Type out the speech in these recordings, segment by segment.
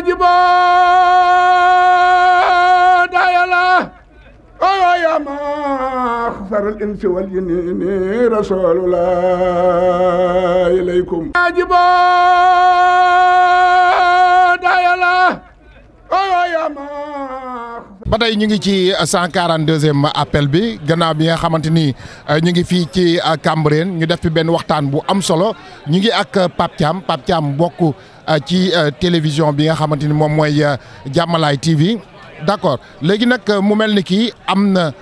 واجبا دايلا ba tey ñu ngi ci cent quarante deuxième appel bi gannaaw bi nga xamante ni euh, ñu ngi fii ci euh, Cambérène ñu def fi benn waxtaan bu am solo ñu ngi ak Pape Thiam Pape Thiam bokk Euh, ci euh, télévision bi nga xamante ni moom mooy Diamalaye euh, TV d'accord léegi nag mu mel ni kii am na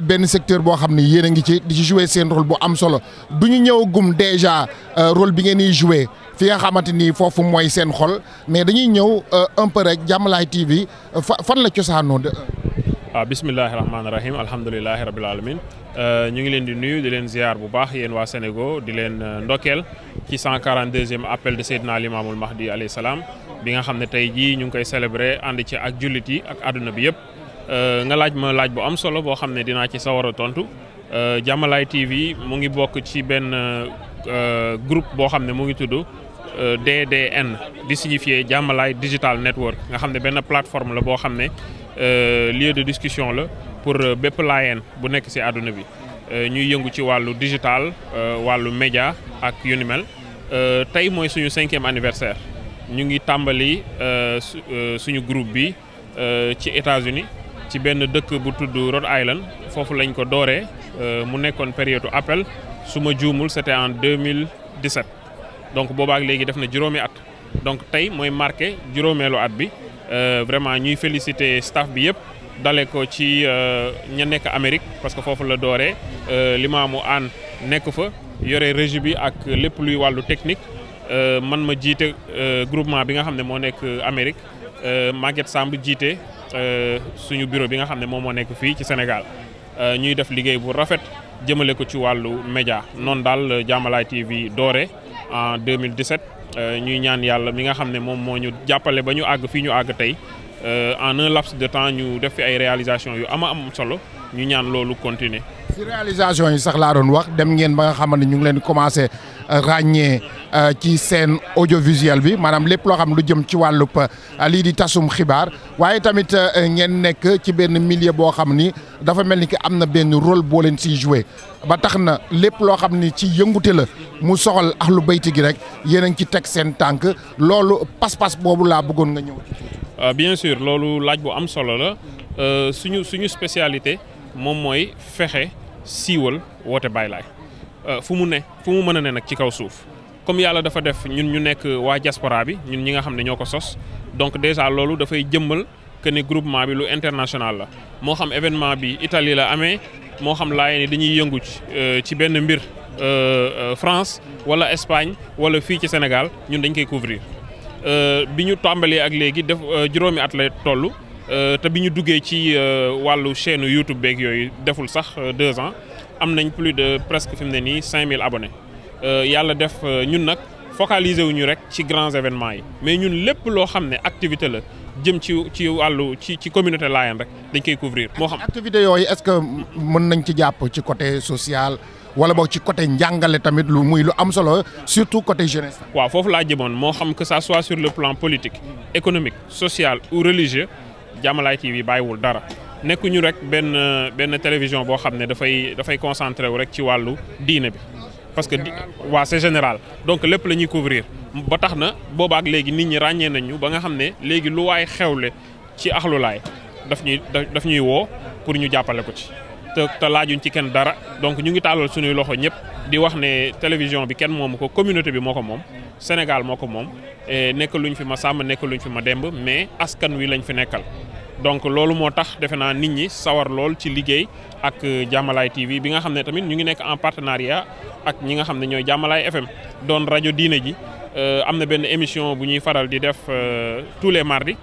benn secteur boo xam ni yéen a ngi ci di ci jouer seen rôle bu am solo du ñu ñëw gum déjà rôle bi ngeen di jouer fi nga xamante ni foofu mooy seen xol mais dañuy ñëw un peu rek Diamalaye TV fa fan la cosaanoo de. waaw ah, bismillahi rahmaani rahim alhamdulilahi rabil alamin ñu ngi leen di nuyu di leen ziar bu baax yéen waa Sénégal di leen ndokkeel. ci 142e appel de Seydina Limaamul Mahdi alayhi salaam bi nga xam ne tey jii ñu ngi koy célébrer ànd ci ak jullit yi ak àdduna bi yëpp euh, nga laaj ma laaj bu am solo boo xam ne dinaa ci sawar a tontu Diamalaye euh, TV mu ngi bokk ci benn euh, groupe boo xam ne mu ngi tudd DDN di signifier Diamalaye Digital Network nga xam ne benn plateforme la boo xam ne lieu de discussion la pour bépp laayeen bu nekk ci àdduna bi. Euh, ñuy yëngu ci wàllu digital euh, wàllu média ak yu ni euh, tey mooy suñu cinquième anniversaire ñu ngi tàmbali suñu groupe bi ci États-Unis ci benn dëkk bu tudd Rhode Island foofu lañ ko dooree mu nekkoon période appel su ma juumul c'était en 2017 donc boobaak léegi def na juróomi at donc tey mooy marqué juróomeelu at bi vraiment ñuy féliciter staff bi yëpp. dale ko ci euh, ña nekk Amérique parce que foofu la dooree euh, limaamu aan nekk fa yore régie bi ak lépp luy wàllu technique euh, man ma jiite groupement bi nga xam ne moo nekk Amérique Maguette Samb jiite suñu bureau bi nga xam ne moom moo nekk fii ci Sénégal ñuy def liggéey bu rafet jëmale ko ci wàllu média noonu daal Diamalaye TV doore en 2017 ñuy ñaan yàlla mi nga xam ne moom moo ñu jàppale ba ñu àgg fii ñu àgg tey Euh, en un de temps ñu def fi ay réalisation yu ama am solo ñu ñaan loolu continuer ci réalisation yi sax laa doon wax dem ngeen ba nga xam ne ñu ngi leen commencé euh, ràññee euh, ci seen audiovisuel bi maanaam lépp loo xam lu jëm ci wàllub lii di tasum xibaar waaye tamit ngeen nekk ci benn milieu boo xam ni dafa mel ni que am na benn rôle boo leen siy joué ba tax na lépp loo xam ni ci yëngute la mu soxal ahlu bayti gi rek yéen a ngi ci teg seen tànk loolu pas-pas boobu laa bëggoon nga ñëw. Euh, bien sûr loolu laaj bu am solo la euh, suñu suñu spécialité moom mooy fexe siiwal woote Baay Laay euh, fu mu ne fu mu mën a ne nag ci kaw suuf comme yàlla dafa def ñun ñu nekk waa diaspora bi ñun ñi nga xam ne ñoo ko sos donc déjà loolu dafay jëmmal que ni groupement bi lu international la moo xam événement bi itali la amee moo xam laay ni dañuy yëngu ci benn mbir France wala Espagne wala fii ci Sénégal ñun dañ koy couvrir Euh, bi ñu tàmbalee ak léegi def euh, juróomi at lay toll euh, te bi ñu duggee ci wàllu chaîne YouTube beeg yooyu deful sax deux ans am nañ plus de presque fi ne nii cinq mille abonnés yàlla def ñun nag focaliser wu ñu rek ci grands événements yi mais ñun lépp loo xam ne activité la jëm ci ci wàllu ci ci communauté Layène rek dañ koy couvrir. moo xam activité yooyu est-ce que mën nañ ci jàpp ci côté social. wala boog ci côté njàngale tamit lu muy lu am solo surtout côté jeunesse. waaw foofu laa jëmoon moo xam que ça soit sur le plan politique économique social ou religieux Diamalaye TV bàyyiwul dara nekkuñu rek benn benn télévision boo xam ne dafay dafay concentré wu rek ci wàllu diine bi. parce que waa c'est général donc lépp la ñuy couvrir ba tax na booba ak léegi nit ñi ràññee nañu ba nga xam ne léegi lu waaye xewle ci axlulaay daf ñuy daf ñuy woo pour ñu jàppale ko ci. te te laajuñ ci kenn dara donc ñu ngi tàllal suñuy loxo ñëpp di wax ne télévision bi kenn moomu ko communauté bi moo ko moom Sénégal moo ko moom nekk luñ fi ma sàmm nekk fi ma demb mais askan wi lañ fi nekkal donc loolu moo tax defe naa nit ñi sawar lool ci liggéey ak Diamalaye euh, TV bi nga xam ne tamit ñu ngi nekk en partenariat ak ñi nga xam ne ñooy Diamalaye FM doon rajo diine ji euh, am na benn émission bu ñuy faral di def euh, tous les mardis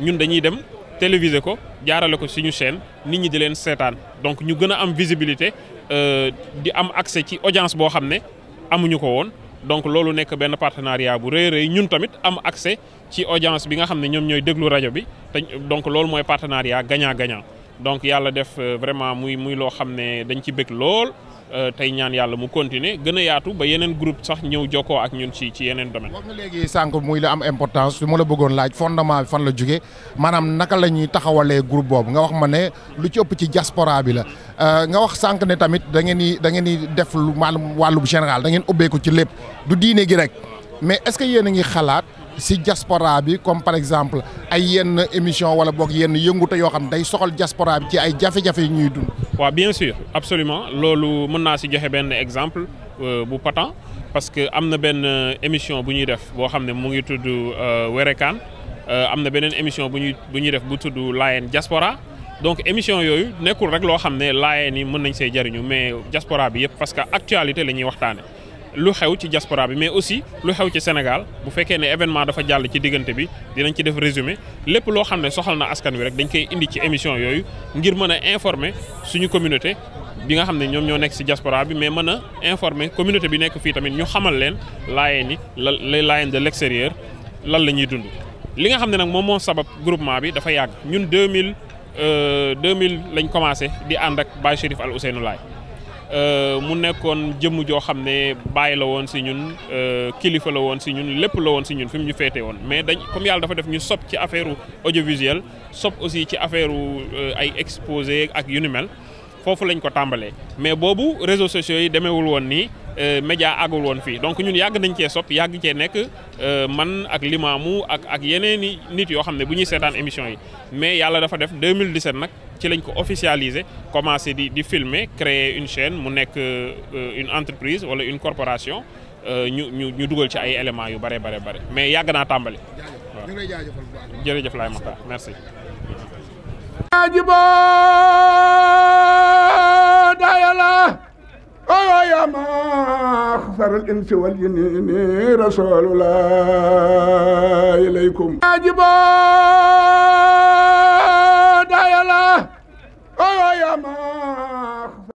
ñun dañuy dem téléviser ko jaarale ko suñu chaîne nit ñi di leen seetaan donc ñu gën a am visibilité euh, di am accès ci audience boo xam ne amuñu ko woon donc loolu nekk benn partenariat bu rëy rëy ñun tamit am accès ci audience bi nga xam ne ñoom ñooy déglu rajo bi te donc loolu mooy partenariat gagnant gagnant donc yàlla def euh, vraiment muy muy loo xam ne dañ ci bëgg lool. Euh, tey ñaan yàlla mu continuer gën a yaatu ba yeneen groupe sax ñëw jokkoo ak ñun ci ci yeneen domaine. wax léegi sànq muy la am importance su ma la bëggoon laaj fondement fan la jógee maanaam naka la ñuy taxawalee groupe boobu nga wax ma ne lu ci ëpp ci diaspora bi la euh, nga wax sànq ne tamit da ngeen di da ngeen di def lu maanaam wàllu général da ngeen ubbeeku ci lépp du diine gi rek mais est-ce que yéen a ngi xalaat. si diaspora bi comme par exemple ay yenn émission wala boog yenn yëngut yoo xam day soxal diaspora bi ci ay jafe-jafe ñuy dund. waa bien sûr absolument loolu mën naa si joxe benn exemple euh, bu patent parce que am na benn euh, émission bu ñuy def boo xam ne mu ngi tudd euh, Werekaan am na beneen émission bu ñuy bu ñuy def bu tudd Laayeen jaspora donc émission yooyu nekkul rek loo xam ne Laayeen yi mën nañ see jariñu mais diaspora bi yëpp parce que actualité la ñuy waxtaane lu xew ci diaspora bi mais aussi lu xew ci Sénégal bu fekkee ne événement dafa jàll ci diggante bi dinañ ci def résumé lépp loo xam ne soxal na askan wi rek dañ koy indi ci émission yooyu ngir mën a informer suñu communauté bi nga xam ne ñoom ñoo nekk si diaspora bi mais mën a informer communauté bi nekk fii tamit ñu xamal leen laayeen yi la les laayeen de l'extérieur lan la ñuy dund. li nga xam ne nag moom moo sabab groupement bi dafa yàgg ñun 2000 2000 euh, lañ commencé di ànd ak Baye Chérif Al Ousseynou Laye Euh, mu nekkoon jëmm joo xam ne bàyyi la woon si ñun euh, kilifa la woon si ñun lépp la woon si ñun fi mu ñu féete woon mais dañ comme yàlla dafa def ñu sop ci affaire audiovisuel sop aussi ci affaire euh, ay exposé ak yu ni mel foofu lañ ko tàmbalee mais boobu réseaux sociaux yi demeewul woon nii média àggul woon fii donc ñun yàgg nañ cee sop yàgg cee nekk man ak limaamu ak ak yeneen i nit yoo xam ne bu ñuy seetaan émission yi mais yàlla dafa def 2017 nag. ci lañ ko officialiser commencé di di filmer créer une chaîne mu nekk euh, une entreprise wala une corporation euh, ñu ñu ñu dugal ci ay éléments yu bare bare bare mais yàgg naa tàmbali. waaw jërëjëf laay Makhtar merci.